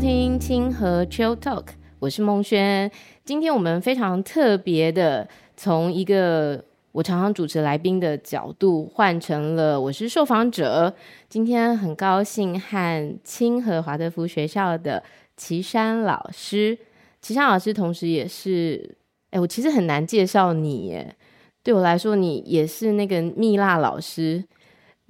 聽青禾 Chill Talk，我是孟軒。今天我們非常特別的，從一個我常常主持來賓的角度，換成了我是受訪者。今天很高興和青禾華德福學校的琦珊老師，琦珊老師同時也是，哎，我其實很難介紹你耶，對我來說，你也是那個蜜蠟老師。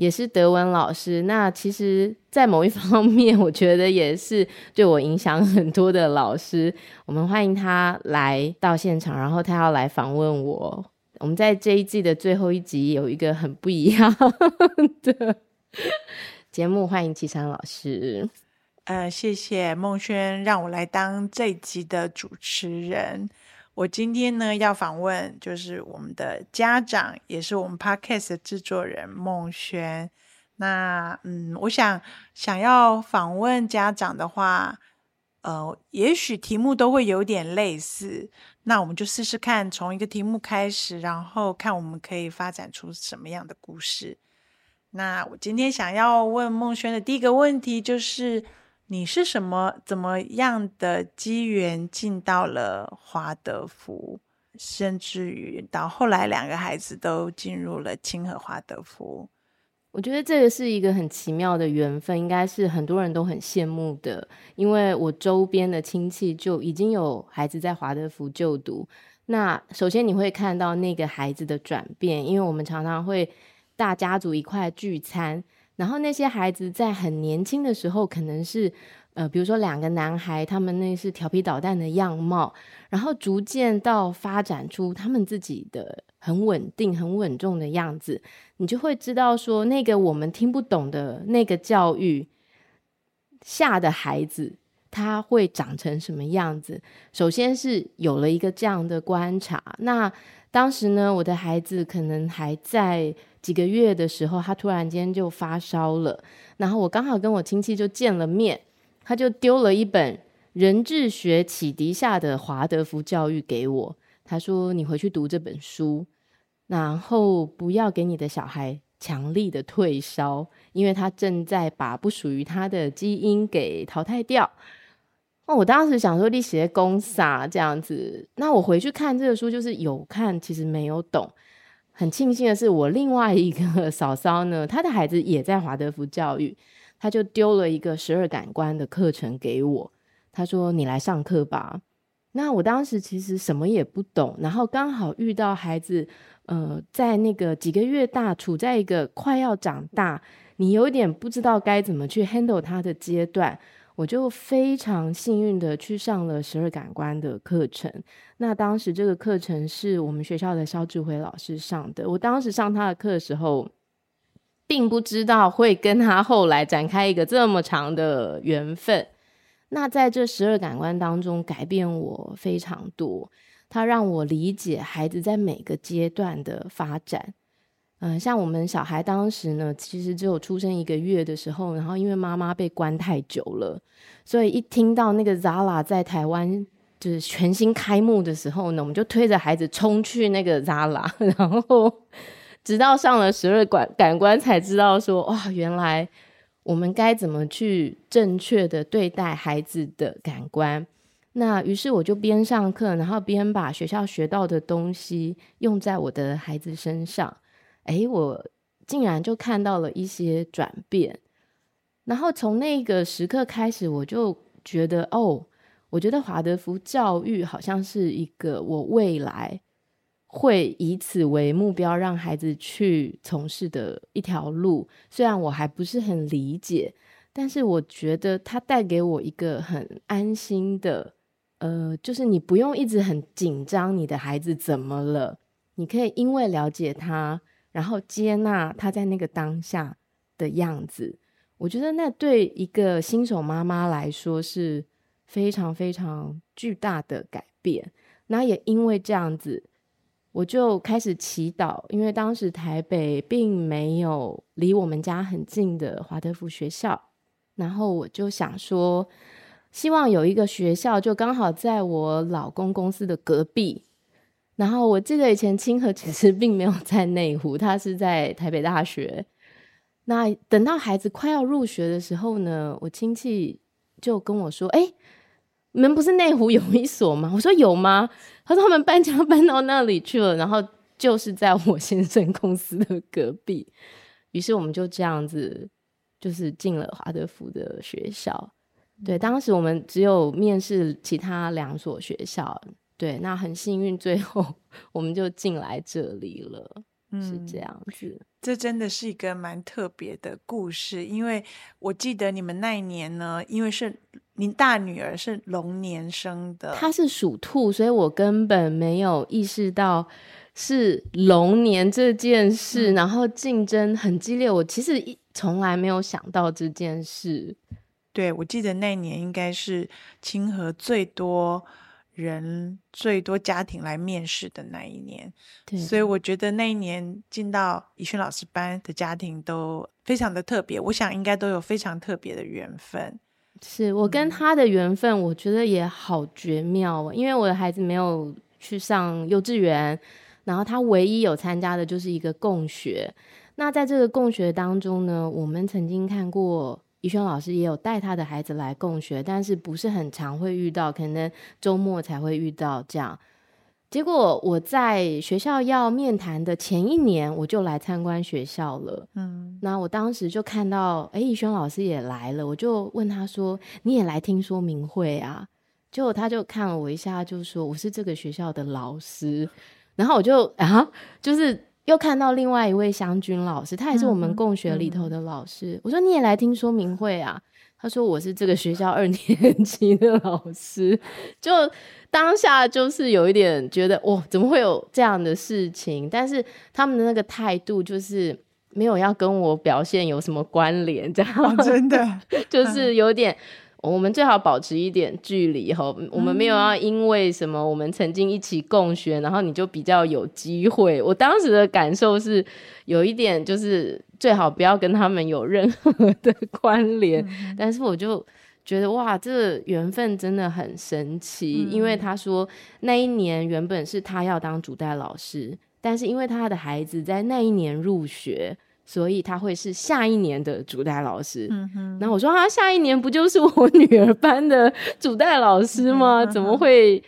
也是德文老師，那其實，在某一方面，我覺得也是對我影響很多的老師。我們歡迎他來到現場，然後他要來訪問我。我們在這一季的最後一集有一個很不一樣的 節目，歡迎琦珊老師。呃，謝謝孟軒讓我來當這一集的主持人。我今天呢要訪問，就是我們的家長，也是我們 podcast 的制作人孟軒。那嗯，我想想要訪問家長的話，呃，也許題目都會有點類似。那我們就試試看，從一個題目開始，然後看我們可以發展出什麼樣的故事。那我今天想要問孟軒的第一個問題就是。你是什麼怎麼樣的機緣進到了華德福，甚至於到後來兩個孩子都進入了青禾華德福，我覺得這個是一個很奇妙的緣分，應該是很多人都很羨慕的，因為我周邊的親戚就已經有孩子在華德福就讀。那首先你會看到那個孩子的轉變，因為我們常常會大家族一塊聚餐。然後那些孩子在很年輕的時候，可能是呃，比如說兩個男孩，他們那是調皮搗蛋的樣貌，然後逐漸到發展出他們自己的很穩定、很穩重的樣子，你就會知道說，那個我們聽不懂的那個教育下的孩子，他會長成什麼樣子。首先是有了一個這樣的觀察。那當時呢，我的孩子可能還在，幾個月的時候，他突然間就發燒了，然後我剛好跟我親戚就見了面，他就丟了一本《人智學啟迪下的華德福教育》給我，他說：“你回去讀這本書，然後不要給你的小孩強力的退燒，因為他正在把不屬於他的基因給淘汰掉。”哦，我當時想說你寫功撒，這樣子，那我回去看這個書，就是有看，其實沒有懂。很慶幸的是，我另外一個嫂嫂呢，她的孩子也在華德福教育，她就丟了一個十二感官的課程給我。她說：“你來上課吧。”那我當時其實什麼也不懂，然後剛好遇到孩子，呃，在那個幾個月大，處在一個快要長大，你有點不知道該怎麼去 handle 他的階段。我就非常幸運的去上了十二感官的課程，那當時這個課程是我們學校的肖志輝老師上的。我當時上他的課的時候，並不知道會跟他後來展開一個這麼長的緣分。那在這十二感官當中，改變我非常多，他讓我理解孩子在每個階段的發展。嗯，像我們小孩當時呢，其實只有出生一個月的時候，然後因為媽媽被關太久了，所以一聽到那個 Zara 在台灣就是全新開幕的時候呢，我們就推着孩子衝去那個 Zara，然後直到上了十二感官才知道說，哇，原來我們該怎麼去正確的對待孩子的感官。那於是我就邊上課，然後邊把學校學到的東西用在我的孩子身上。哎，我竟然就看到了一些轉變，然後從那個時刻開始，我就覺得，哦，我覺得華德福教育好像是一個我未來會以此為目標讓孩子去從事的一條路。雖然我還不是很理解，但是我覺得它帶給我一個很安心的，呃，就是你不用一直很緊張你的孩子怎麼了，你可以因為了解他。然後接納他在那個當下的樣子，我覺得那對一個新手媽媽來說是非常非常巨大的改變。那也因為這樣子，我就開始祈禱，因為當時台北並沒有離我們家很近的華德福學校，然後我就想說，希望有一個學校就剛好在我老公公司的隔壁。然後我記得以前青禾其實並沒有在內湖，他是在台北大學。那等到孩子快要入學的時候呢，我親戚就跟我說：“哎、欸，你們不是內湖有一所嗎？”我說：“有嗎？”他說：“他們搬家搬到那裡去了，然後就是在我先生公司的隔壁。”於是我們就這樣子，就是進了華德福的學校。對，當時我們只有面試其他兩所學校。對，那很幸運，最後我們就進來這裡了，嗯、是這樣子。這真的是一個蠻特別的故事，因為我記得你們那一年呢，因為是您大女兒是龍年生的，她是屬兔，所以我根本沒有意識到是龍年這件事，嗯、然後競爭很激烈，我其實從來沒有想到這件事。對，我記得那年應該是青禾最多，人最多家庭來面試的那一年，對所以我覺得那一年進到怡軒老師班的家庭都非常的特別，我想應該都有非常特別的緣分。是我跟他的緣分，我覺得也好絕妙哦，嗯、因為我的孩子沒有去上幼稚園，然後他唯一有參加的就是一個共學。那在這個共學當中呢，我們曾經看過。宜軒老師也有帶他的孩子來共學，但是不是很常會遇到，可能周末才會遇到這樣。結果我在學校要面談的前一年，我就來參觀學校了。嗯，那我當時就看到，哎、欸，宜軒老師也來了，我就問他說：“你也來聽說明會啊？”結果他就看了我一下，就說：“我是這個學校的老師。”然後我就啊、哎，就是。又看到另外一位湘軍老師，他也是我們共學裡頭的老師。嗯嗯、我說你也來聽說明會啊？他說我是這個學校二年級的老師，就當下就是有一點覺得，哇，怎麼會有這樣的事情？但是他們的那個態度就是沒有要跟我表現有什麼關聯，這樣、啊、真的 就是有點。嗯我們最好保持一點距離哈，我們沒有要因為什麼，我們曾經一起共學，嗯、然後你就比較有機會。我當時的感受是，有一點就是最好不要跟他們有任何的關聯。嗯、但是我就覺得哇，這個緣分真的很神奇，嗯、因為他說那一年原本是他要當主帶老師，但是因為他的孩子在那一年入學。所以他會是下一年的主代老師，嗯哼。然後我說啊，下一年不就是我女兒班的主代老師嗎？嗯、哼怎麼會？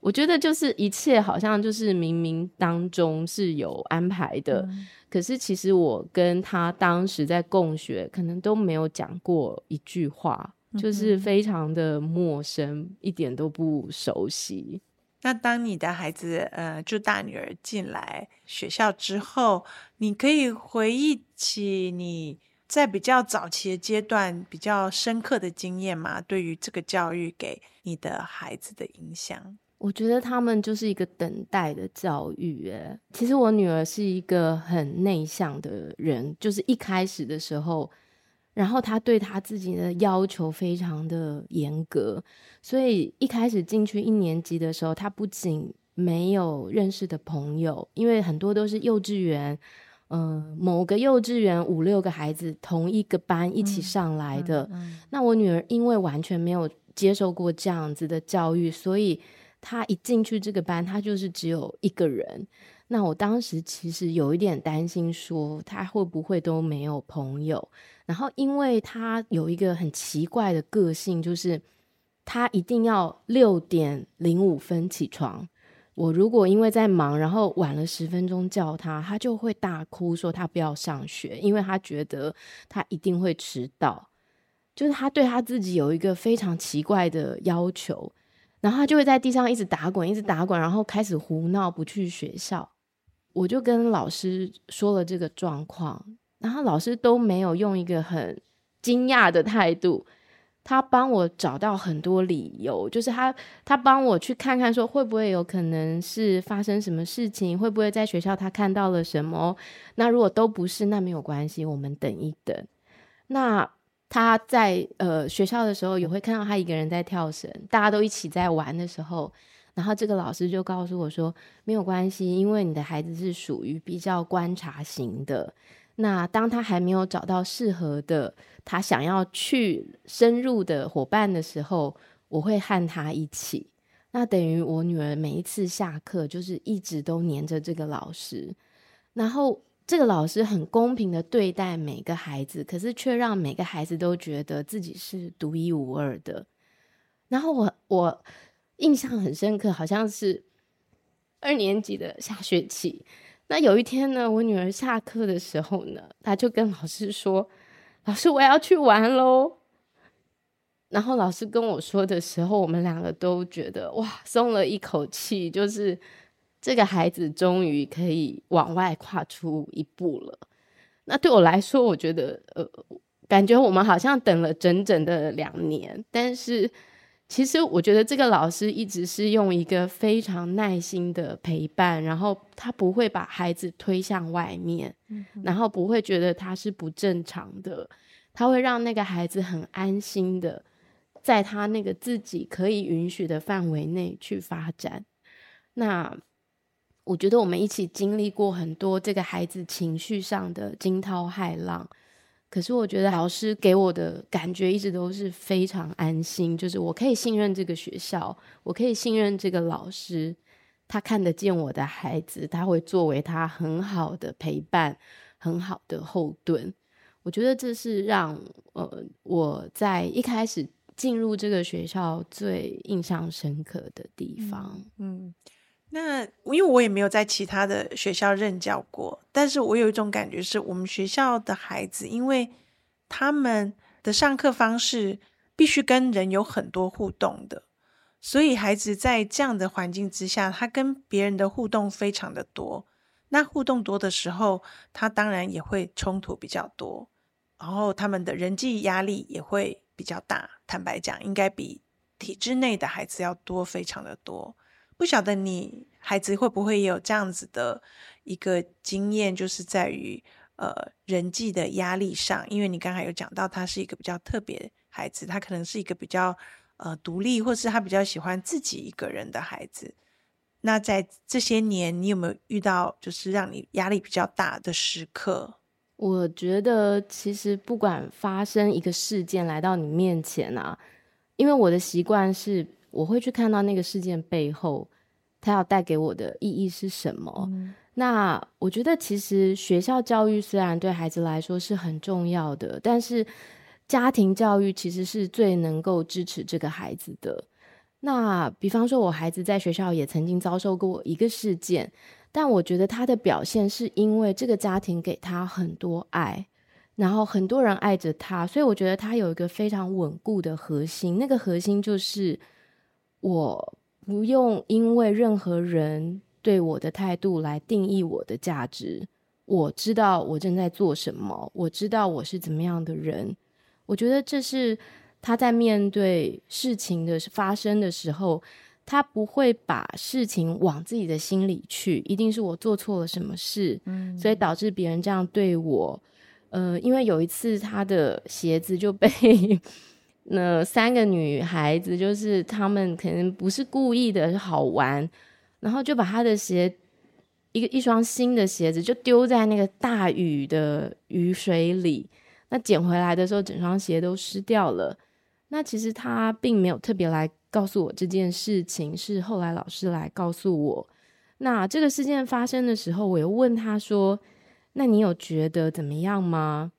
我覺得就是一切好像就是冥冥當中是有安排的，嗯、可是其實我跟他當時在共學，可能都沒有講過一句話，就是非常的陌生，嗯、哼一點都不熟悉。那當你的孩子，呃，就大女兒進來學校之後，你可以回憶起你在比較早期的階段比較深刻的經驗嗎？對於這個教育給你的孩子的影響，我覺得他們就是一個等待的教育。誒，其實我女兒是一個很內向的人，就是一開始的時候。然後他對他自己的要求非常的嚴格，所以一開始進去一年級的時候，他不僅沒有認識的朋友，因為很多都是幼稚園，嗯，呃，某個幼稚園五六個孩子同一個班一起上來的。嗯、嗯、嗯。那我女兒因為完全沒有接受過這樣子的教育，所以她一進去這個班，她就是只有一個人。那我當時其實有一點擔心，說他會不會都沒有朋友。然後，因為他有一個很奇怪的個性，就是他一定要六點零五分起床。我如果因為在忙，然後晚了十分鐘叫他，他就會大哭說他不要上學，因為他覺得他一定會遲到。就是他對他自己有一個非常奇怪的要求，然後他就會在地上一直打滾，一直打滾，然後開始胡鬧，不去學校。我就跟老師說了這個狀況，然後老師都沒有用一個很驚訝的態度，他幫我找到很多理由，就是他他幫我去看看說會不會有可能是發生什麼事情，會不會在學校他看到了什麼？那如果都不是，那沒有關係，我們等一等。那他在呃學校的時候也會看到他一個人在跳繩，大家都一起在玩的時候。然後這個老師就告訴我說：“沒有關係，因為你的孩子是屬於比較觀察型的。那當他還沒有找到適合的他想要去深入的夥伴的時候，我會和他一起。那等於我女兒每一次下課就是一直都黏着這個老師。然後這個老師很公平地對待每個孩子，可是卻讓每個孩子都覺得自己是獨一無二的。然後我我。”印象很深刻，好像是二年級的下學期。那有一天呢，我女兒下課的時候呢，她就跟老師說：“老師，我要去玩嘍。”然後老師跟我說的時候，我們兩個都覺得哇，鬆了一口氣，就是這個孩子終於可以往外跨出一步了。那對我來說，我覺得呃，感覺我們好像等了整整的兩年，但是。其實我覺得這個老師一直是用一個非常耐心的陪伴，然後他不會把孩子推向外面，嗯、哼然後不會覺得他是不正常的，他會讓那個孩子很安心的，在他那個自己可以允許的範圍內去發展。那我覺得我們一起經歷過很多這個孩子情緒上的驚濤駭浪。可是我覺得老師給我的感覺一直都是非常安心，就是我可以信任這個學校，我可以信任這個老師，他看得見我的孩子，他會作為他很好的陪伴，很好的後盾。我覺得這是讓呃我在一開始進入這個學校最印象深刻的地方。嗯。嗯那因為我也沒有在其他的學校任教過，但是我有一種感覺，是我們學校的孩子，因為他們的上課方式必須跟人有很多互動的，所以孩子在這樣的環境之下，他跟別人的互動非常的多。那互動多的時候，他當然也會衝突比較多，然後他們的人際壓力也會比較大。坦白講，應該比體制內的孩子要多，非常的多。不曉得你孩子會不會有這樣子的一個經驗，就是在於呃人際的壓力上，因為你剛才有講到他是一個比較特別的孩子，他可能是一個比較呃獨立，或是他比較喜歡自己一個人的孩子。那在這些年，你有沒有遇到就是讓你壓力比較大的時刻？我覺得其實不管發生一個事件來到你面前啊，因為我的習慣是。我會去看到那個事件背後，他要帶給我的意義是什麼？嗯、那我覺得，其實學校教育雖然對孩子來說是很重要的，但是家庭教育其實是最能夠支持這個孩子的。那比方說，我孩子在學校也曾經遭受過一個事件，但我覺得他的表現是因為這個家庭給他很多愛，然後很多人愛着他，所以我覺得他有一個非常穩固的核心。那個核心就是。我不用因為任何人對我的態度來定義我的價值。我知道我正在做什麼，我知道我是怎麼樣的人。我覺得這是他在面對事情的發生的時候，他不會把事情往自己的心裡去。一定是我做錯了什麼事，嗯，所以導致別人這樣對我。呃，因為有一次他的鞋子就被。 那三個女孩子就是她們，可能不是故意的，好玩，然後就把她的鞋，一個一雙新的鞋子，就丟在那個大雨的雨水裡。那撿回來的時候，整雙鞋都濕掉了。那其實她並沒有特別來告訴我這件事情，是後來老師來告訴我。那這個事件發生的時候，我又問他說：“那你有覺得怎麼樣嗎？”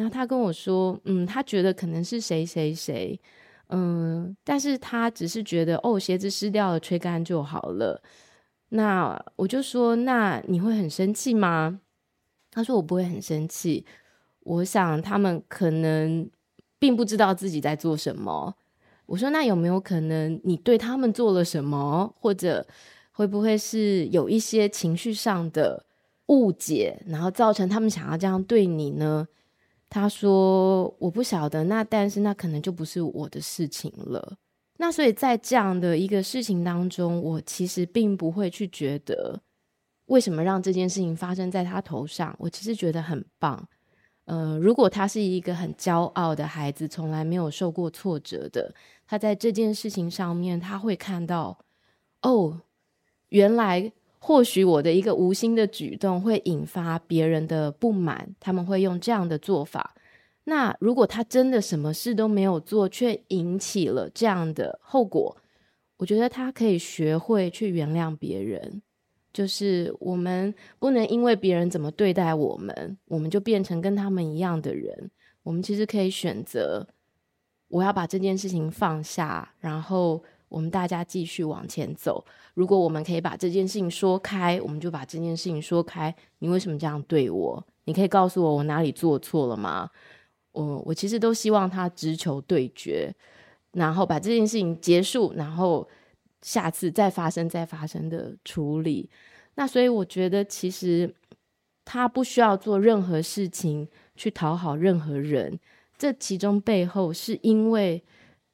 然後他跟我說：“嗯，他覺得可能是誰誰誰，嗯，但是他只是覺得哦，鞋子濕掉了，吹乾就好了。”那我就說：“那你會很生氣嗎？”他說：“我不會很生氣。”我想他們可能並不知道自己在做什麼。我說：“那有沒有可能你對他們做了什麼，或者會不會是有一些情緒上的誤解，然後造成他們想要這樣對你呢？”他說，我不曉得，那但是那可能就不是我的事情了。那所以在這樣的一個事情當中，我其實並不會去覺得為什麼讓這件事情發生在他頭上。我其實覺得很棒。呃，如果他是一個很驕傲的孩子，從來沒有受過挫折的，他在這件事情上面，他會看到，哦，原來。或許我的一個無心的舉動會引發別人的不滿，他們會用這樣的做法。那如果他真的什麼事都沒有做，卻引起了這樣的後果，我覺得他可以學會去原諒別人。就是我們不能因為別人怎麼對待我們，我們就變成跟他們一樣的人。我們其實可以選擇，我要把這件事情放下，然後。我們大家繼續往前走。如果我們可以把這件事情說開，我們就把這件事情說開。你為什麼這樣對我？你可以告訴我我哪裡做錯了嗎？我我其實都希望他直球對決，然後把這件事情結束，然後下次再發生再發生的處理。那所以我覺得其實他不需要做任何事情去討好任何人。這其中背後是因為。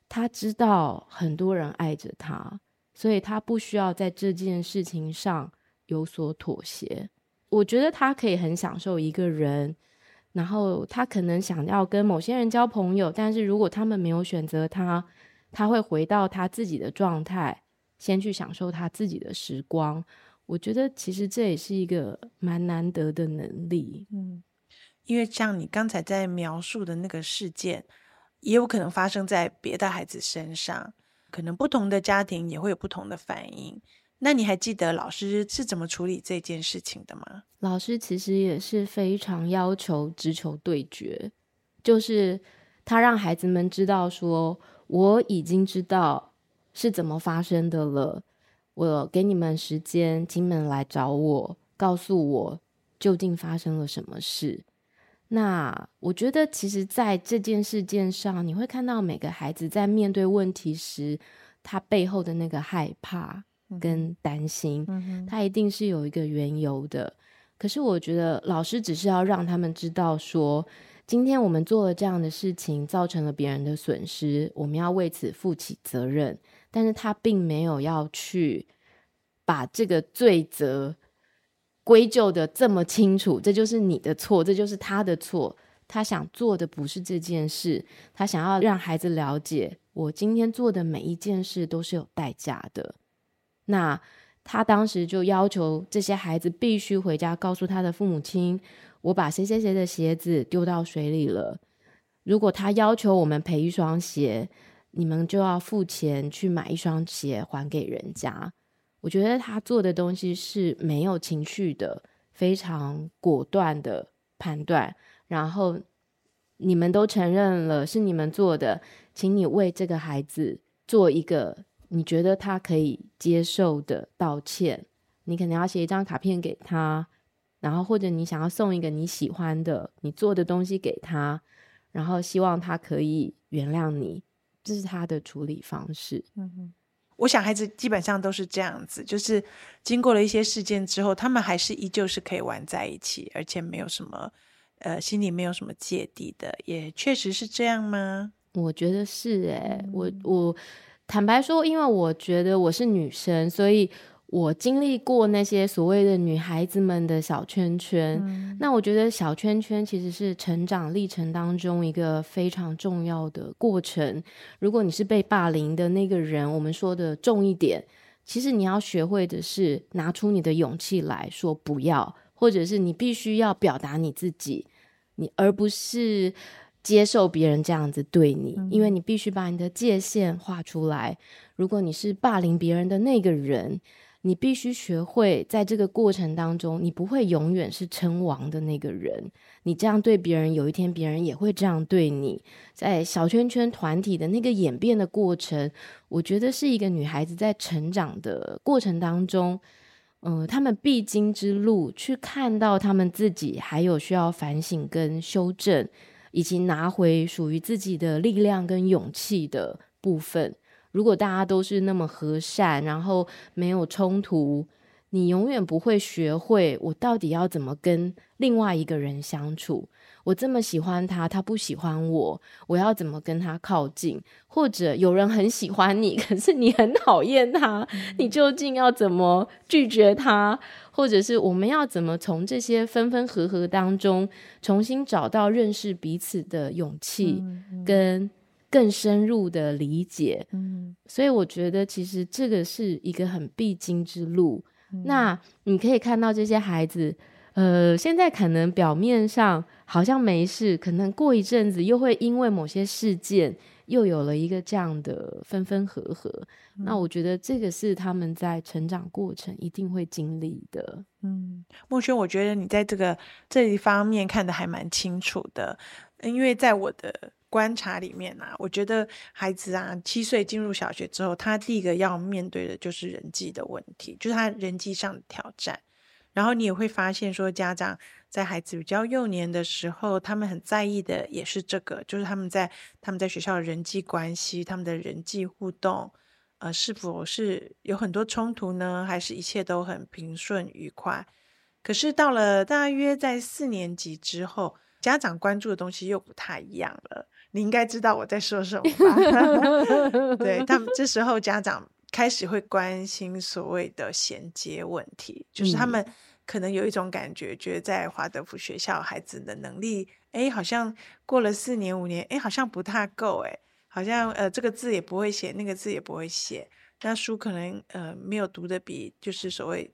他知道很多人愛着他，所以他不需要在這件事情上有所妥協。我覺得他可以很享受一個人，然後他可能想要跟某些人交朋友，但是如果他們沒有選擇他，他會回到他自己的狀態，先去享受他自己的時光。我覺得其實這也是一個蠻難得的能力。嗯，因為像你剛才在描述的那個事件，也有可能發生在別的孩子身上，可能不同的家庭也會有不同的反應。那你還記得老師是怎麼處理這件事情的嗎？老師其實也是非常要求直球對決，就是他讓孩子們知道說，我已經知道是怎麼發生的了，我給你們時間，請你們來找我，告訴我究竟發生了什麼事。那我覺得，其實，在這件事件上，你會看到每個孩子在面對問題時，他背後的那個害怕跟擔心，嗯嗯、他一定是有一個緣由的。可是，我覺得老師只是要讓他們知道說，說今天我們做了這樣的事情，造成了別人的損失，我們要為此負起責任。但是他並沒有要去把這個罪責。歸咎的這麼清楚。這就是你的錯，這就是他的錯。他想做的不是這件事，他想要讓孩子了解，我今天做的每一件事都是有代價的。那他當時就要求這些孩子必須回家告訴他的父母親，我把誰誰誰的鞋子丟到水裡了。如果他要求我們賠一雙鞋，你們就要付錢去買一雙鞋還給人家。我覺得他做的東西是沒有情緒的，非常果斷的判斷。然後你們都承認了是你們做的，請你為這個孩子做一個你覺得他可以接受的道歉。你可能要寫一張卡片給他，然後或者你想要送一個你喜歡的、你做的東西給他，然後希望他可以原諒你。這是他的處理方式。嗯我想，孩子基本上都是這樣子，就是經過了一些事件之後，他們還是依舊是可以玩在一起，而且沒有什麼，呃，心裡沒有什麼芥蒂的，也確實是這樣嗎？我覺得是欸，哎，我我坦白說，因為我覺得我是女生，所以。我經歷過那些所謂的女孩子們的小圈圈，嗯、那我覺得小圈圈其實是成長歷程當中一個非常重要的過程。如果你是被霸凌的那個人，我們說的重一點，其實你要學會的是拿出你的勇氣來說不要，或者是你必須要表達你自己，你而不是接受別人這樣子對你，嗯、因為你必須把你的界限畫出來。如果你是霸凌別人的那個人。你必須學會，在這個過程當中，你不會永遠是稱王的那個人。你這樣對別人，有一天別人也會這樣對你。在小圈圈團體的那個演變的過程，我覺得是一個女孩子在成長的過程當中，嗯、呃，他們必經之路，去看到他們自己還有需要反省跟修正，以及拿回屬於自己的力量跟勇氣的部分。如果大家都是那麼和善，然後沒有衝突，你永遠不會學會我到底要怎麼跟另外一個人相處。我這麼喜歡他，他不喜歡我，我要怎麼跟他靠近？或者有人很喜歡你，可是你很討厭他，嗯、你究竟要怎麼拒絕他？或者是我們要怎麼從這些分分合合當中重新找到認識彼此的勇氣？嗯嗯跟更深入的理解，嗯，所以我覺得其實這個是一個很必經之路。嗯、那你可以看到這些孩子，呃，現在可能表面上好像沒事，可能過一陣子又會因為某些事件又有了一個這樣的分分合合。嗯、那我覺得這個是他們在成長過程一定會經歷的。嗯，孟軒，我覺得你在這個這一方面看得還蠻清楚的，因為在我的。觀察裡面啊，我覺得孩子啊七歲進入小學之後，他第一個要面對的就是人際的問題，就是他人際上的挑戰。然後你也會發現說，家長在孩子比較幼年的時候，他們很在意的也是這個，就是他們在他們在學校的人際關係，他們的人際互動，呃，是否是有很多衝突呢？還是一切都很平順愉快？可是到了大約在四年級之後，家長關注的東西又不太一樣了。你應該知道我在說什麼吧？ 對他們，這時候家長開始會關心所謂的銜接問題，嗯、就是他們可能有一種感覺，覺得在華德福學校孩子的能力，哎、欸，好像過了四年五年，哎、欸，好像不太夠，哎，好像呃，這個字也不會寫，那個字也不會寫，那書可能呃沒有讀的比就是所謂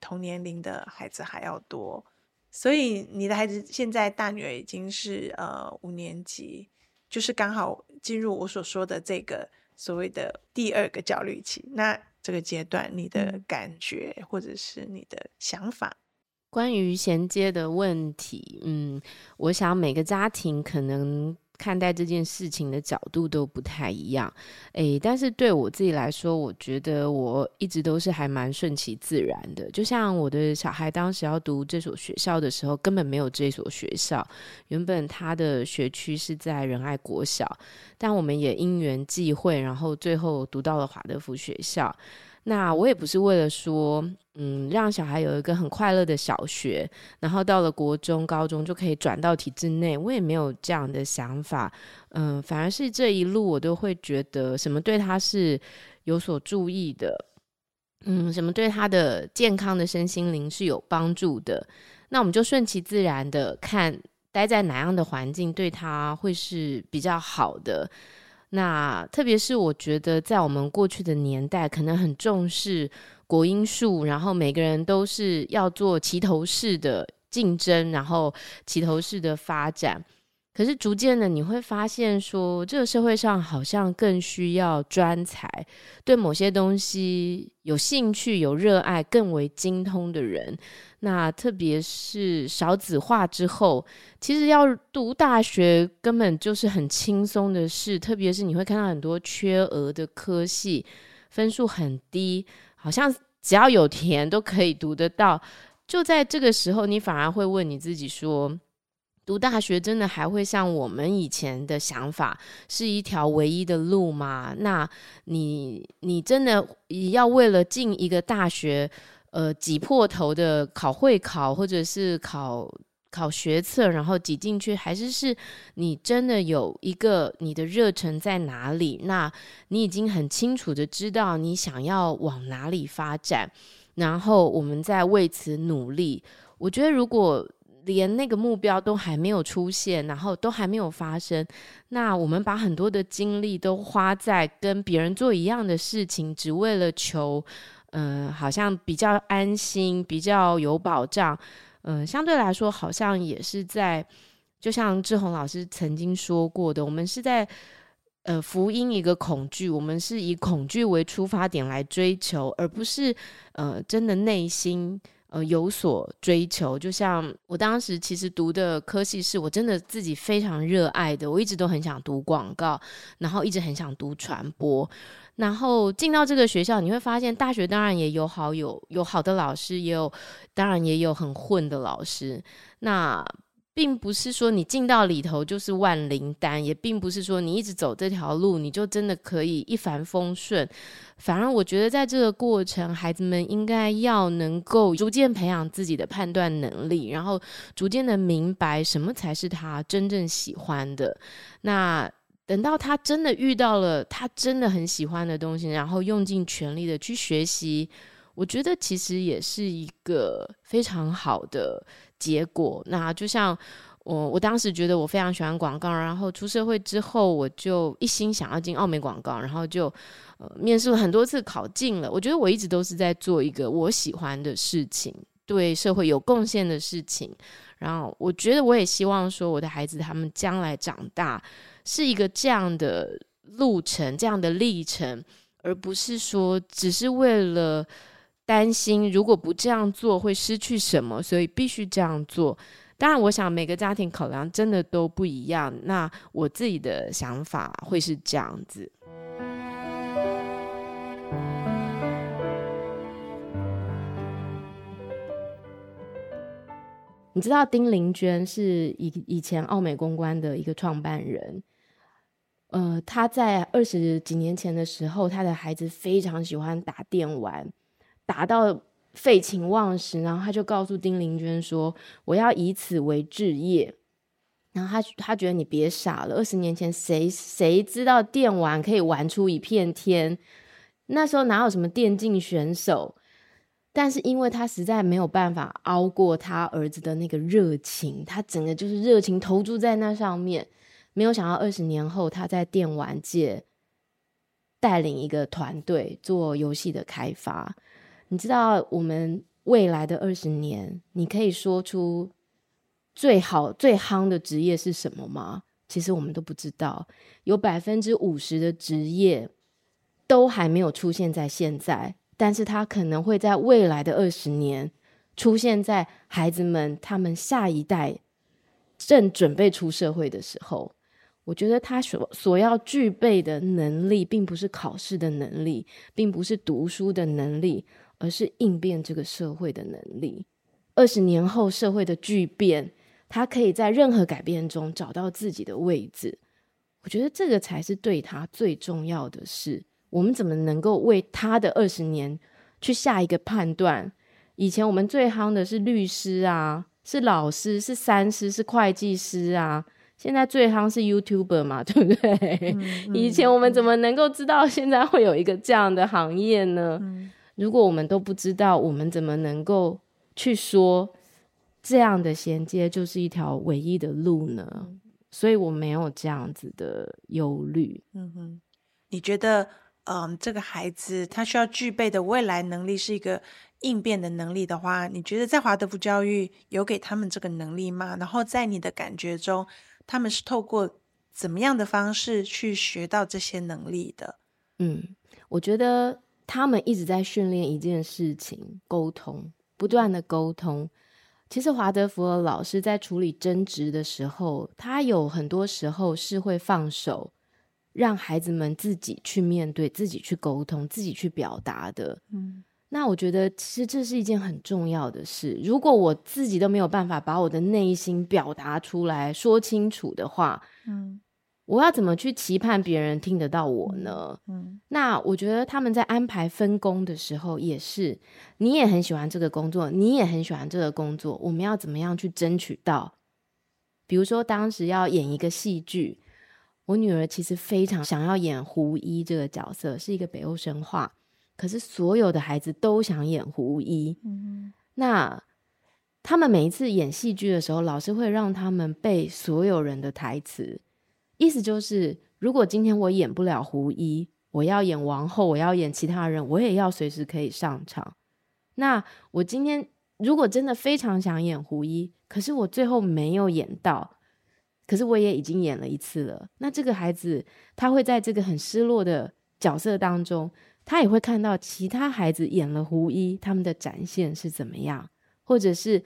同年齡的孩子還要多，所以你的孩子現在大女兒已經是呃五年級。就是剛好進入我所說的這個所謂的第二個焦慮期，那這個階段你的感覺或者是你的想法，關於銜接的問題，嗯，我想每個家庭可能看待這件事情的角度都不太一樣，誒、欸，但是對我自己來說，我覺得我一直都是還蠻順其自然的。就像我的小孩當時要讀這所學校的時候，根本沒有這所學校，原本他的學區是在仁愛國小，但我們也因緣際會，然後最後讀到了華德福學校。那我也不是為了說，嗯，讓小孩有一個很快樂的小學，然後到了國中、高中就可以轉到體制內，我也沒有這樣的想法。嗯，反而是這一路我都會覺得，什麼對他是有所注意的，嗯，什麼對他的健康的身心靈是有幫助的，那我們就順其自然的看，待在哪樣的環境對他會是比較好的。那特別是我覺得，在我們過去的年代，可能很重視國英數，然後每個人都是要做齊頭式的競爭，然後齊頭式的發展。可是逐漸的，你會發現說，這個社會上好像更需要專才，對某些東西有興趣、有熱愛、更為精通的人。那特別是少子化之後，其實要讀大學根本就是很輕鬆的事。特別是你會看到很多缺額的科系，分數很低，好像只要有填都可以讀得到。就在這個時候，你反而會問你自己說：讀大學真的還會像我們以前的想法是一條唯一的路嗎？那你你真的要為了進一個大學？呃，擠破頭的考會考，或者是考考學測，然後擠進去，還是是你真的有一個你的熱忱在哪裡？那你已經很清楚的知道你想要往哪裡發展，然後我們在為此努力。我覺得，如果連那個目標都還沒有出現，然後都還沒有發生，那我們把很多的精力都花在跟別人做一樣的事情，只為了求。嗯、呃，好像比較安心，比較有保障。嗯、呃，相對來說，好像也是在，就像志宏老師曾經說過的，我們是在呃福音一個恐懼，我們是以恐懼為出發點來追求，而不是呃真的內心呃有所追求。就像我當時其實讀的科系是我真的自己非常熱愛的，我一直都很想讀廣告，然後一直很想讀傳播。然後進到這個學校，你會發現大學當然也有好有有好的老師，也有當然也有很混的老師。那並不是說你進到裡頭就是萬靈丹，也並不是說你一直走這條路，你就真的可以一帆風順。反而我覺得在這個過程，孩子們應該要能夠逐漸培養自己的判斷能力，然後逐漸的明白什麼才是他真正喜歡的。那。等到他真的遇到了他真的很喜歡的東西，然後用盡全力的去學習，我覺得其實也是一個非常好的結果。那就像我，我當時覺得我非常喜歡廣告，然後出社會之後，我就一心想要進奧美廣告，然後就，呃，面試了很多次，考進了。我覺得我一直都是在做一個我喜歡的事情，對社會有貢獻的事情。然後我覺得我也希望說，我的孩子他們將來長大。是一個這樣的路程，這樣的歷程，而不是說只是為了擔心，如果不這樣做會失去什麼，所以必須這樣做。當然，我想每個家庭考量真的都不一樣。那我自己的想法會是這樣子。你知道丁菱娟是以以前奧美公關的一個創辦人。呃，他在二十幾年前的時候，他的孩子非常喜歡打電玩，打到廢寢忘食，然後他就告訴丁菱娟說：“我要以此為職業。”然後他他覺得，你別傻了，二十年前誰誰知道電玩可以玩出一片天？那時候哪有什麼電競選手？但是因為他實在沒有辦法熬過他兒子的那個熱情，他整個就是熱情投注在那上面。沒有想到二十年後，他在電玩界帶領一個團隊做遊戲的開發。你知道我們未來的二十年，你可以說出最好最夯的職業是什麼嗎？其實我們都不知道有，有百分之五十的職業都還沒有出現在現在，但是他可能會在未來的二十年出現在孩子們他們下一代正準備出社會的時候。我覺得他所所要具備的能力，並不是考試的能力，並不是讀書的能力，而是應變這個社會的能力。二十年後社會的巨變，他可以在任何改變中找到自己的位置。我覺得這個才是對他最重要的事。我們怎麼能夠為他的二十年去下一個判斷？以前我們最夯的是律師啊，是老師，是三師，是會計師啊。現在最夯是 Youtuber 嘛，對不對？嗯嗯、以前我們怎麼能夠知道現在會有一個這樣的行業呢？嗯、如果我們都不知道，我們怎麼能夠去說這樣的銜接就是一條唯一的路呢？嗯、所以我沒有這樣子的憂慮。嗯哼，你覺得，嗯，這個孩子他需要具備的未來能力是一個應變的能力的話，你覺得在華德福教育有給他們這個能力嗎？然後在你的感覺中，他們是透過怎麼樣的方式去學到這些能力的？嗯，我覺得他們一直在訓練一件事情——溝通，不斷的溝通。其實華德福的老師在處理爭執的時候，他有很多時候是會放手，讓孩子們自己去面對，自己去溝通，自己去表達的。嗯。那我覺得其實這是一件很重要的事。如果我自己都沒有辦法把我的內心表達出來、說清楚的話，嗯，我要怎麼去期盼別人聽得到我呢？嗯，那我覺得他們在安排分工的時候也是，你也很喜歡這個工作，你也很喜歡這個工作，我們要怎麼樣去爭取到？比如說當時要演一個戲劇，我女兒其實非常想要演胡一這個角色，是一個北歐神話。可是所有的孩子都想演胡一，嗯、哼那他們每一次演戲劇的時候，老師會讓他們背所有人的台詞，意思就是，如果今天我演不了胡一，我要演王後，我要演其他人，我也要隨時可以上場。那我今天如果真的非常想演胡一，可是我最後沒有演到，可是我也已經演了一次了。那這個孩子他會在這個很失落的角色當中。他也會看到其他孩子演了狐一，他們的展現是怎麼樣，或者是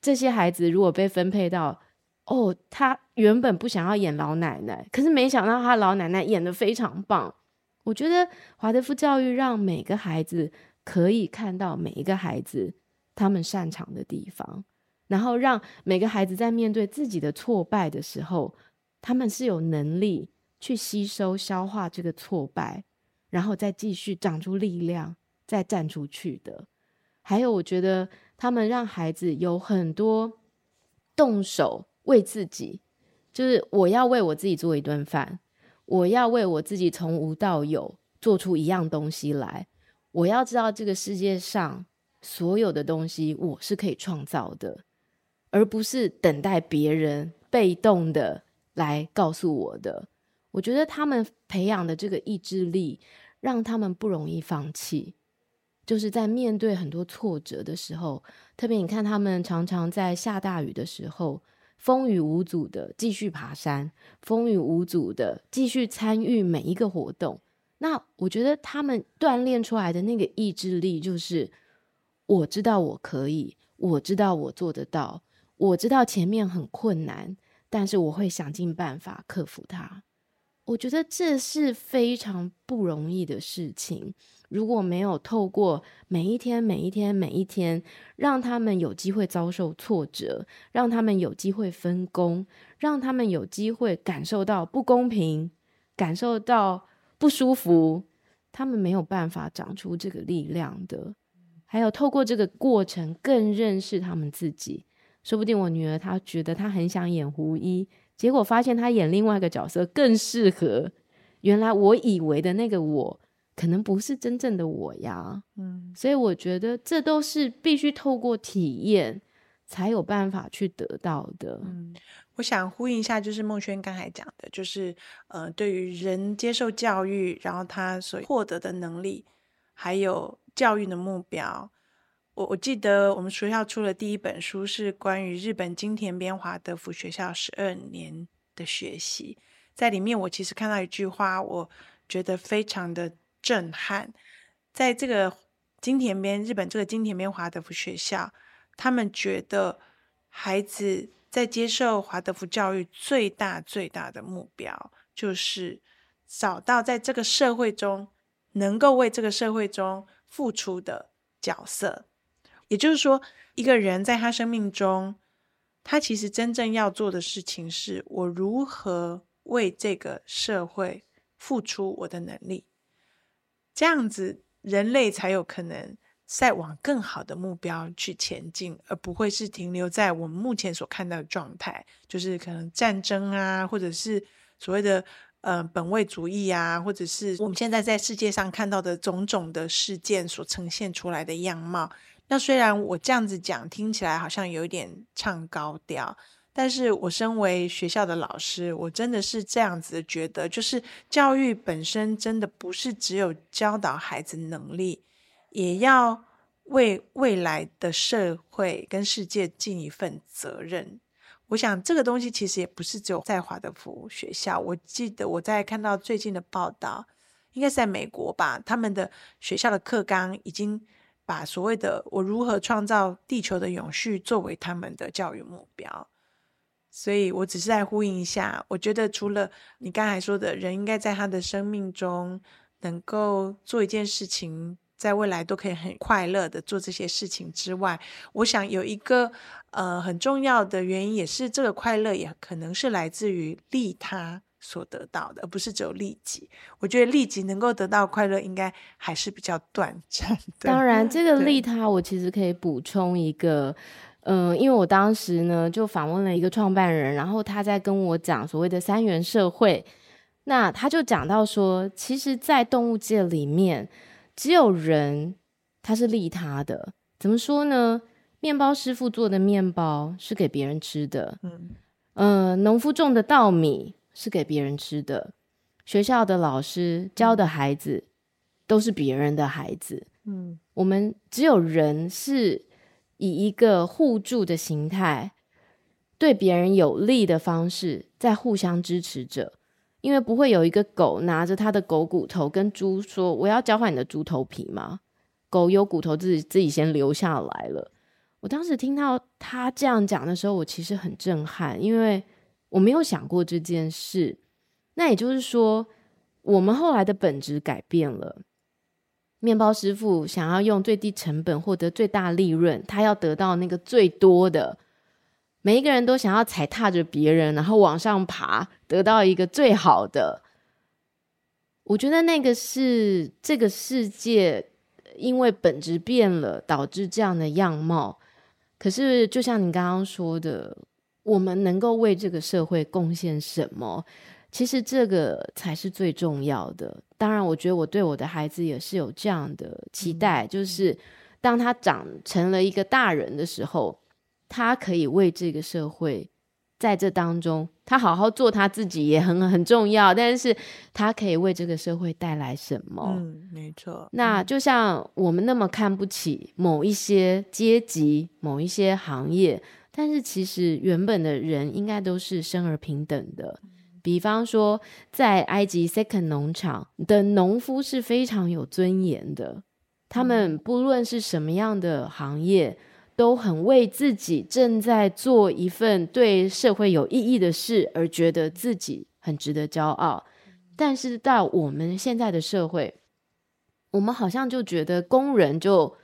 這些孩子如果被分配到，哦，他原本不想要演老奶奶，可是沒想到他老奶奶演的非常棒。我覺得華德福教育讓每個孩子可以看到每一個孩子他們擅長的地方，然後讓每個孩子在面對自己的挫敗的時候，他們是有能力去吸收消化這個挫敗。然後再繼續長出力量，再站出去的。還有，我覺得他們讓孩子有很多動手為自己，就是我要為我自己做一頓飯，我要為我自己從無到有做出一樣東西來。我要知道這個世界上所有的東西我是可以創造的，而不是等待別人被動的來告訴我的。我覺得他們培養的這個意志力，讓他們不容易放棄。就是在面對很多挫折的時候，特別你看他們常常在下大雨的時候，風雨無阻的繼續爬山，風雨無阻的繼續參與每一個活動。那我覺得他們鍛鍊出來的那個意志力，就是我知道我可以，我知道我做得到，我知道前面很困難，但是我會想盡辦法克服它。我覺得這是非常不容易的事情。如果沒有透過每一天、每一天、每一天，讓他們有機會遭受挫折，讓他們有機會分工，讓他們有機會感受到不公平、感受到不舒服，他們沒有辦法長出這個力量的。還有透過這個過程，更認識他們自己。說不定我女兒她覺得她很想演胡一。結果發現他演另外一個角色更適合，原來我以為的那個我，可能不是真正的我呀。嗯，所以我覺得這都是必須透過體驗才有辦法去得到的。嗯，我想呼應一下，就是孟軒剛才講的，就是呃，對於人接受教育，然後他所獲得的能力，還有教育的目標。我記得我們學校出的第一本書，是關於日本金田邊華德福學校十二年的學習。在裡面，我其實看到一句話，我覺得非常的震撼。在這個金田邊日本這個金田邊華德福學校，他們覺得孩子在接受華德福教育最大最大的目標，就是找到在這個社會中能夠為這個社會中付出的角色。也就是說，一個人在他生命中，他其實真正要做的事情是：我如何為這個社會付出我的能力？這樣子，人類才有可能再往更好的目標去前進，而不會是停留在我們目前所看到的狀態，就是可能戰爭啊，或者是所謂的呃本位主義啊，或者是我們現在在世界上看到的種種的事件所呈現出來的樣貌。那雖然我這樣子講聽起來好像有一點唱高調，但是我身為學校的老師，我真的是這樣子覺得，就是教育本身真的不是只有教導孩子能力，也要為未來的社會跟世界盡一份責任。我想這個東西其實也不是只有在華德福學校，我記得我在看到最近的報道，應該是在美國吧，他們的學校的課綱已經。把所謂的“我如何創造地球的永續”作為他們的教育目標，所以我只是在呼應一下。我覺得除了你剛才說的人應該在他的生命中能夠做一件事情，在未來都可以很快樂的做這些事情之外，我想有一個呃很重要的原因，也是這個快樂也可能是來自於利他。所得到的，而不是只有利己。我覺得利己能夠得到快樂，應該還是比較短暫的。當然，這個利他，我其實可以補充一個，嗯對、呃，因為我當時呢就訪問了一個創辦人，然後他在跟我講所謂的三元社會，那他就講到說，其實，在動物界裡面，只有人他是利他的。怎麼說呢？麵包師傅做的麵包是給別人吃的，嗯，呃，農夫種的稻米，是給別人吃的，學校的老師教的孩子都是別人的孩子。嗯，我們只有人是以一個互助的形態，對別人有利的方式在互相支持着。因為不會有一個狗拿着他的狗骨頭跟豬說：“我要交換你的豬頭皮嗎？”狗有骨頭自己自己先留下來了。我當時聽到他這樣講的時候，我其實很震撼，因為。我沒有想過這件事，那也就是說，我們後來的本質改變了。麵包師傅想要用最低成本獲得最大利潤，他要得到那個最多的。每一個人都想要踩踏着別人，然後往上爬，得到一個最好的。我覺得那個是這個世界因為本質變了，導致這樣的樣貌。可是，就像你剛剛說的。我們能夠為這個社會貢獻什麼？其實這個才是最重要的。當然，我覺得我對我的孩子也是有這樣的期待，嗯、就是當他長成了一個大人的時候，他可以為這個社會，在這當中，他好好做他自己也很很重要。但是，他可以為這個社會帶來什麼？嗯，沒錯。那就像我們那麼看不起某一些階級、某一些行業。但是其實原本的人應該都是生而平等的。比方說，在埃及 Second 農場的農夫是非常有尊嚴的，他們不論是什麼樣的行業，都很為自己正在做一份對社會有意義的事而覺得自己很值得驕傲。但是到我們現在的社會，我們好像就覺得工人就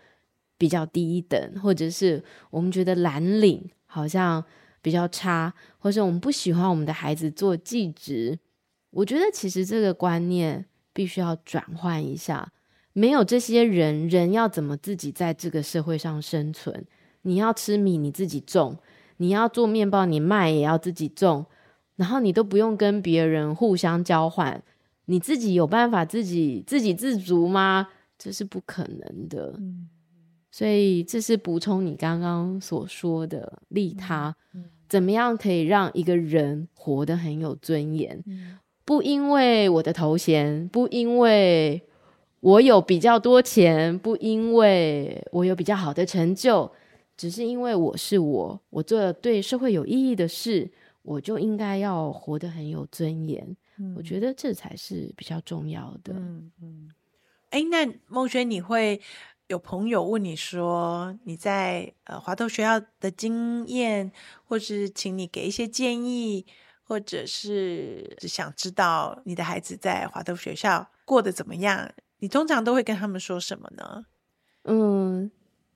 比較低一等，或者是我們覺得藍領。好像比較差，或是我們不喜歡我們的孩子做技職。我覺得其實這個觀念必須要轉換一下。沒有這些人，人要怎麼自己在這個社會上生存？你要吃米，你自己種；你要做麵包，你麥也要自己種。然後你都不用跟別人互相交換，你自己有辦法自己自給自足嗎？這是不可能的。嗯所以這是補充你剛剛所說的利他，嗯嗯、怎麼樣可以讓一個人活得很有尊嚴？嗯、不因為我的頭銜，不因為我有比較多錢，不因為我有比較好的成就，只是因為我是我，我做了對社會有意義的事，我就應該要活得很有尊嚴。嗯、我覺得這才是比較重要的。嗯嗯，哎、嗯，那孟軒，你會？有朋友問你說，你在呃華德學校的經驗，或是請你給一些建議，或者是只想知道你的孩子在華德學校過得怎麼樣？你通常都會跟他們說什麼呢？嗯，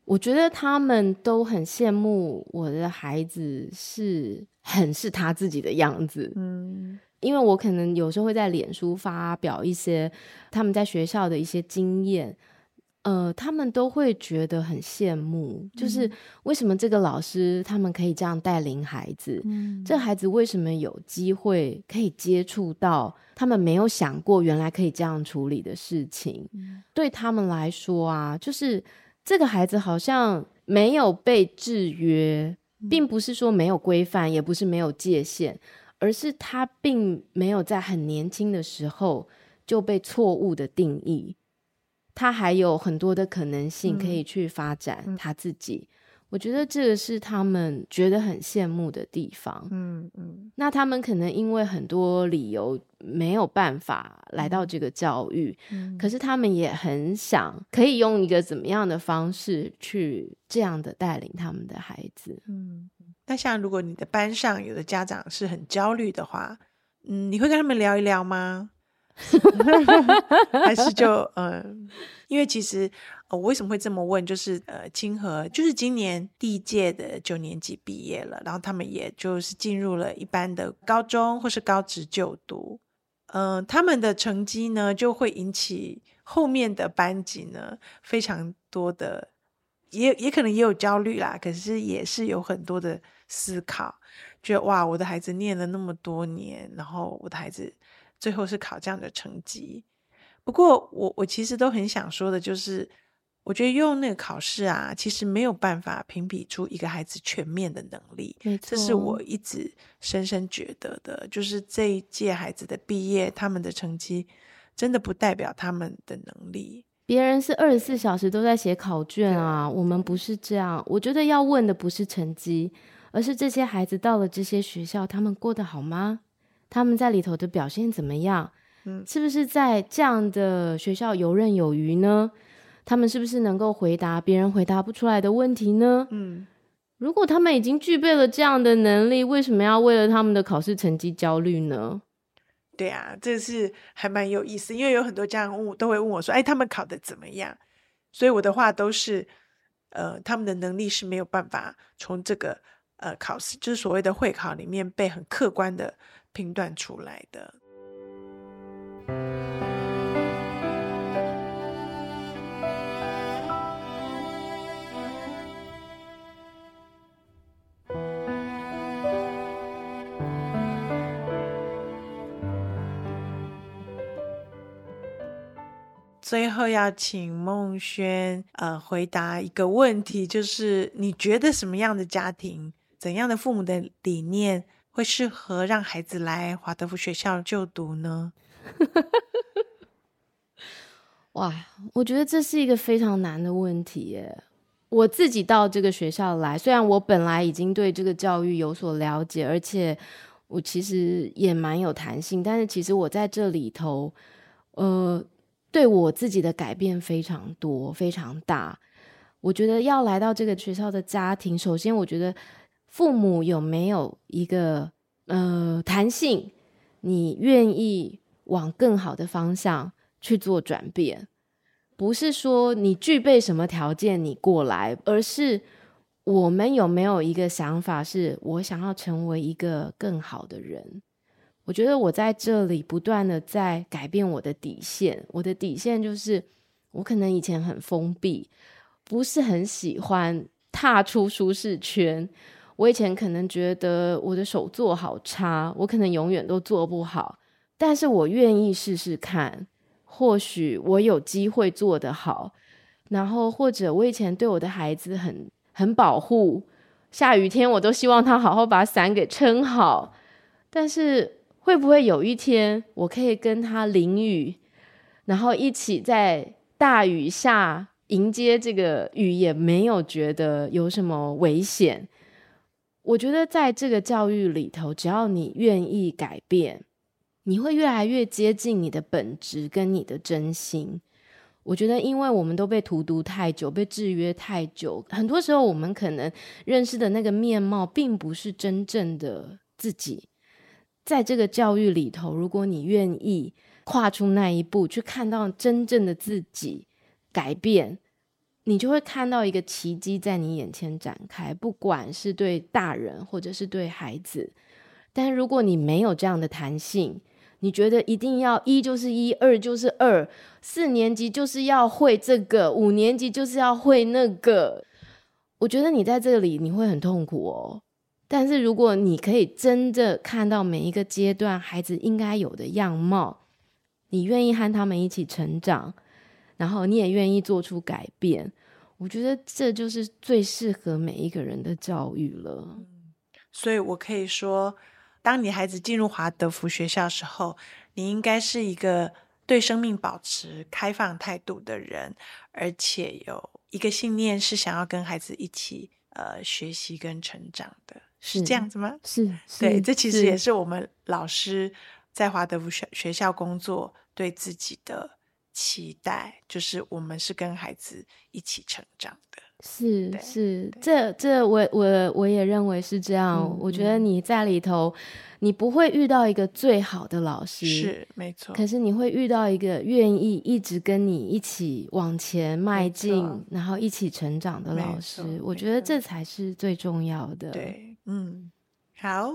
我覺得他們都很羨慕我的孩子是很是他自己的樣子。嗯，因為我可能有時候會在臉書發表一些他們在學校的一些經驗。呃，他們都會覺得很羨慕，嗯哼。就是為什麼這個老師他們可以這樣帶領孩子？嗯、這孩子為什麼有機會可以接觸到他們沒有想過原來可以這樣處理的事情？嗯、對他們來說啊，就是這個孩子好像沒有被制約，嗯、並不是說沒有規範，也不是沒有界限，而是他並沒有在很年輕的時候就被錯誤的定義。他還有很多的可能性可以去發展他自己，嗯嗯、我覺得這個是他們覺得很羨慕的地方。嗯嗯，嗯，那他們可能因為很多理由沒有辦法來到這個教育，嗯嗯、可是他們也很想可以用一個怎麼樣的方式去這樣的帶領他們的孩子。嗯，那像如果你的班上有的家長是很焦慮的話，嗯，你會跟他們聊一聊嗎？ 還是就嗯，因為其實、哦、我為什麼會這麼問，就是呃，青禾，就是今年第一屆的九年級畢業了，然後他們也就是進入了一般的高中或是高職就讀。嗯、呃，他們的成績呢，就會引起後面的班級呢非常多的，也也可能也有焦慮啦，可是也是有很多的思考，覺得哇，我的孩子念了那麼多年，然後我的孩子。最後是考這樣的成績，不過我我其實都很想說的，就是我覺得用那個考試啊，其實沒有辦法評比出一個孩子全面的能力。沒錯錯，這是我一直深深覺得的。就是這一屆孩子的畢業，他們的成績真的不代表他們的能力。別人是二十四小時都在寫考卷啊，對我們不是這樣。我覺得要問的不是成績，而是這些孩子到了這些學校，他們過得好嗎？他們在裡頭的表現怎麼樣？嗯，是不是在這樣的學校遊刃有餘呢？他們是不是能夠回答別人回答不出來的問題呢？嗯，如果他們已經具備了這樣的能力，為什麼要為了他們的考試成績焦慮呢？對啊，這是還蠻有意思，因為有很多家長問我都會問我說：“哎，他們考得怎麼樣？”所以我的話都是，呃，他們的能力是沒有辦法從這個呃考試，就是所謂的會考裡面被很客觀的。評斷出來的。最後要請孟軒呃回答一個問題，就是你覺得什麼樣的家庭、怎樣的父母的理念，會適合讓孩子來華德福學校就讀呢？ 哇，我覺得這是一個非常難的問題耶！我自己到這個學校來，雖然我本來已經對這個教育有所了解，而且我其實也蠻有彈性，但是其實我在這裡頭，呃，對我自己的改變非常多，非常大。我覺得要來到這個學校的家庭，首先我覺得，父母有沒有一個呃彈性，你願意往更好的方向去做轉變？不是說你具備什麼條件你過來，而是我們有沒有一個想法，是我想要成為一個更好的人。我覺得我在這裡不斷的在改變我的底線。我的底線就是我可能以前很封閉，不是很喜歡踏出舒適圈。我以前可能覺得我的手做好差，我可能永遠都做不好，但是我願意試試看，或許我有機會做得好。然後或者我以前對我的孩子很很保護，下雨天我都希望他好好把傘給撐好。但是會不會有一天我可以跟他淋雨，然後一起在大雨下迎接這個雨，也沒有覺得有什麼危險。我覺得在這個教育裡頭，只要你願意改變，你會越來越接近你的本質跟你的真心。我覺得，因為我們都被荼毒太久，被制約太久，很多時候我們可能認識的那個面貌，並不是真正的自己。在這個教育裡頭，如果你願意跨出那一步，去看到真正的自己，改變。你就會看到一個奇蹟在你眼前展開，不管是對大人或者是對孩子。但如果你沒有這樣的彈性，你覺得一定要一就是一，二就是二，四年級就是要會這個，五年級就是要會那個。我覺得你在這裡你會很痛苦哦。但是如果你可以真的看到每一個階段孩子應該有的樣貌，你願意和他們一起成長，然後你也願意做出改變。我覺得這就是最適合每一個人的教育了。所以，我可以說，當你孩子進入華德福學校時候，你應該是一個對生命保持開放態度的人，而且有一個信念是想要跟孩子一起呃學習跟成長的，是這樣子嗎？是，是對，這其實也是我們老師在華德福學學校工作對自己的。期待，就是我們是跟孩子一起成長的，是是，這這我我我也認為是這樣。嗯、我覺得你在裡頭，嗯、你不會遇到一個最好的老師，是沒錯。可是你會遇到一個願意一直跟你一起往前邁進，沒錯。然後一起成長的老師。沒錯。我覺得這才是最重要的。對，嗯，好，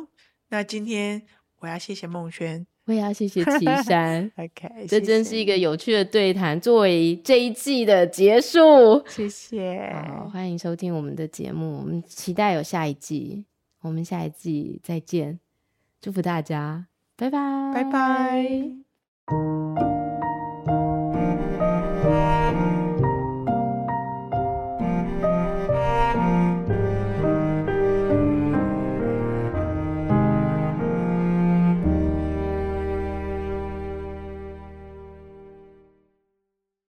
那今天我要謝謝孟軒。我也要謝謝琦珊。 Okay, 這真是一個有趣的對談。謝謝。作為這一季的結束，謝謝。好，歡迎收聽我們的節目，我們期待有下一季。我們下一季再見，祝福大家，拜拜，拜拜。